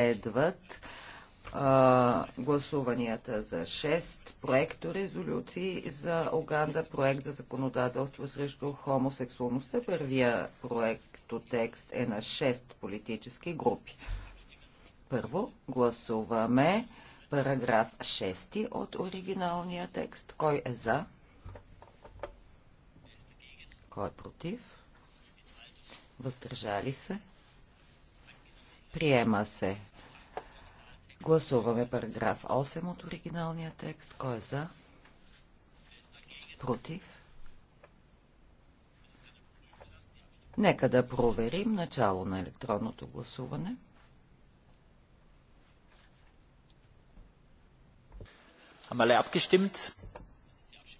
следват а, гласуванията за 6 проекто резолюции за Оганда, проект за законодателство срещу хомосексуалността. Първия проекто текст е на 6 политически групи. Първо гласуваме параграф 6 от оригиналния текст. Кой е за? Кой е против? Въздържали се? Приема се. Гласуваме параграф 8 от оригиналния текст. Кой е за? Против? Нека да проверим начало на електронното гласуване.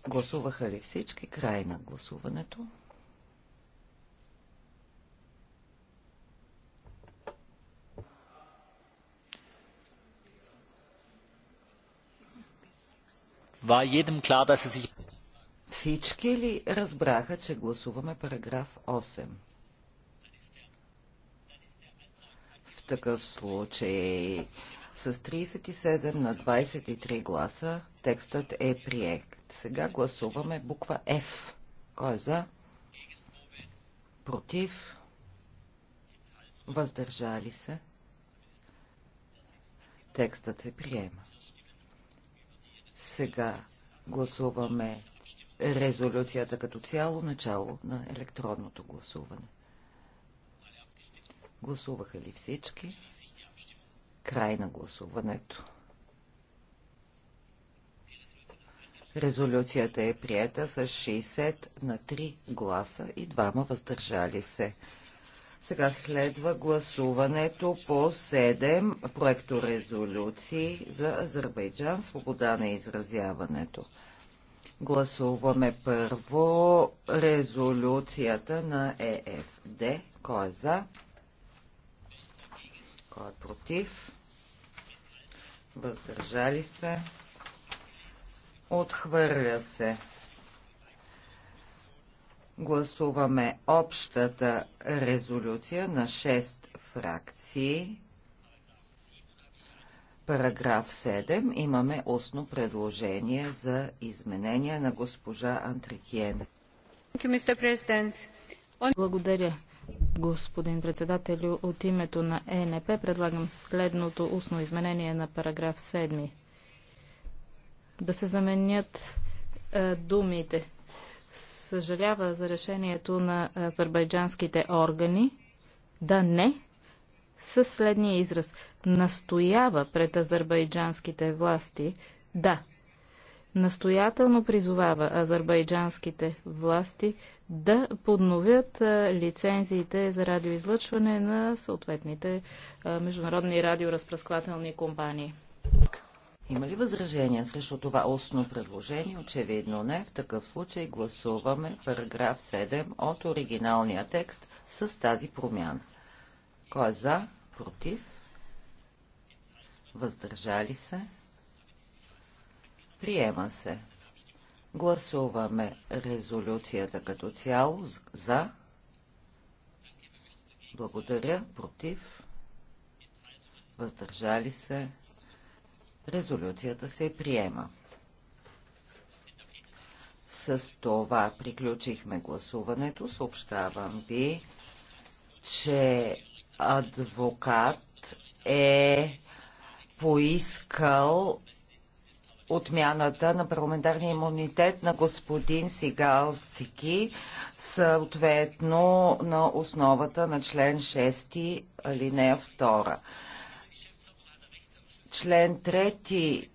Гласуваха ли всички? Край на гласуването. Всички ли разбраха, че гласуваме параграф 8? В такъв случай с 37 на 23 гласа текстът е приект. Сега гласуваме буква F. Кой е за? Против? Въздържали се? Текстът се приема. Сега гласуваме резолюцията като цяло, начало на електронното гласуване. Гласуваха ли всички? Край на гласуването. Резолюцията е приета с 60 на 3 гласа и двама въздържали се. Сега следва гласуването по 7 резолюции за Азербайджан, свобода на изразяването. Гласуваме първо резолюцията на ЕФД. Кой е за? Кой е против? Въздържали се? Отхвърля се. Гласуваме общата резолюция на 6 фракции. Параграф 7 имаме устно предложение за изменение на госпожа Антрикиен. Благодаря, господин председателю. От името на ЕНП предлагам следното устно изменение на параграф 7. Да се заменят е, думите съжалява за решението на азербайджанските органи да не със следния израз. Настоява пред азербайджанските власти да настоятелно призовава азербайджанските власти да подновят лицензиите за радиоизлъчване на съответните международни радиоразпръсквателни компании. Има ли възражения срещу това устно предложение? Очевидно не. В такъв случай гласуваме параграф 7 от оригиналния текст с тази промяна. Кой е за? Против? Въздържали се? Приема се. Гласуваме резолюцията като цяло за. Благодаря. Против? Въздържали се? Резолюцията се приема. С това приключихме гласуването. Съобщавам ви, че адвокат е поискал отмяната на парламентарния имунитет на господин Сигал Сики, съответно на основата на член 6 алинея 2. Член 3